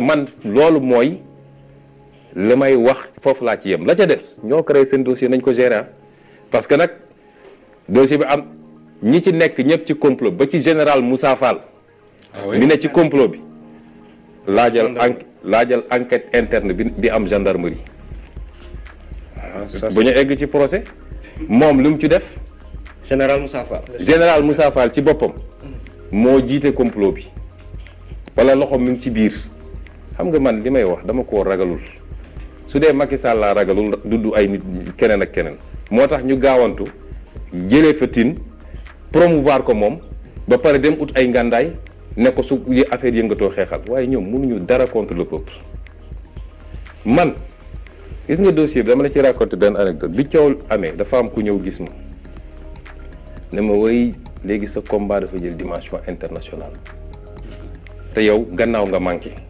man loolu mooy li may wax foofu laa ci yem la ca des ñoo créé seen dossier nañ ko gérer ah. parce que nag dossier bi am ñi ci nekk ñëpp ci complot ba ci général Moussa Fall ah ci complot bi laajal laajal enquête interne bi bi am gendarmerie ah, ñu egg ci procès moom lu mu ci def général Moussa général Moussa ci boppam mm. moo jiite complot bi wala loxo mi ngi ci biir xam nga man li may wax dama koo ragalul su dee Macky Sall laa ragalul dudd ay nit keneen ak keneen moo tax ñu gaawantu jëlee fa tin promouvoir ko moom ba pare dem ut ay ngàndaay ne ko su affaire yëngatoo xeexal waaye ñoom mënuñu dara contre le peuple man gis nga dossier bi dama la ci raconté benn anecdote bi coow amee dafa am ku ñëw gis ma ne ma way léegi sa combat dafa jël dimension internationale te yow gannaaw nga manqué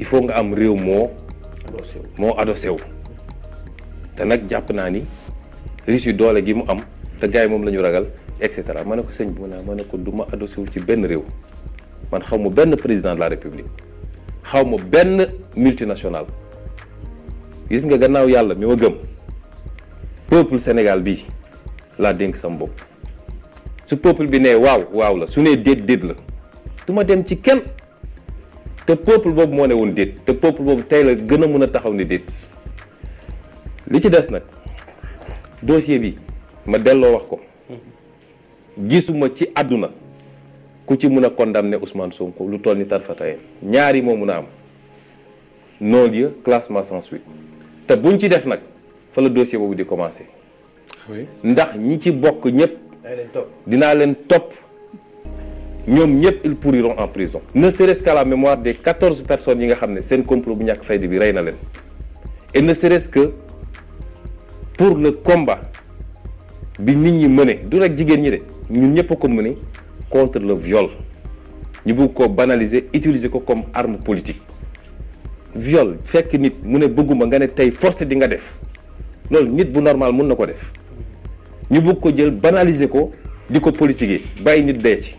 il faut nga am réew moo moo adossé wu te nag jàpp naa ni riche yu doole gi mu am te gars yi moom la ñu ragal et cetera ma ne ko sëñ bi ma ne ko du ma adossé wu ci benn réew man xaw ma benn président de la république xaw ma benn multinational gis nga gannaaw yàlla mi ma gëm peuple Sénégal bi laa dénk sama bopp su peuple bi nee waaw waaw la su nee déet déet la du dem ci kenn te peuple boobu moo ne woon déet te peuple boobu tey la gën a mën a taxaw ni déet li ci des nag dossier bi ma delloo wax ko gisuma ci àdduna ku ci mën a condamné Ousmane Sonko lu toll ni tarfatayen ñaari moo mën a am non-lieu classement sans suite te buñ ci def nag fa la dossier boobu di commencé ndax ñi ci bokk ñëpp dinaa leen topp ñoom ñëpp ils pourriront en prison ne serait-ce qu'à la mémoire des quatorze personnes yi nga xam ne seen complot bu ñàkk fayda bi rey na et ne serait-ce que pour le combat bi nit ñi mëne du rek jigéen ñi de ñun ñëpp ko mëne contre le viol ñu bëgg ko banaliser utiliser ko comme arme politique viol fekk nit mu ne bëgguma nga ne tey forcé di nga def Non nit bu normal mun na ko def ñu bëgg ko jël banaliser ko di ko politiquer bàyyi nit dee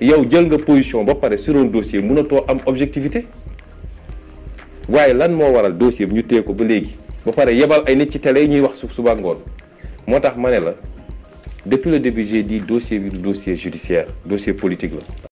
yow jël nga position ba pare sur un dossier mënatoo am objectivité waaye lan moo waral dossier bi ñu téye ko ba léegi ba pare yebal ay nit ci télé ñuy wax suuf suba ngoon moo tax ma ne la depuis le début j'ai dit dossier bi du dossier judiciaire dossier politique la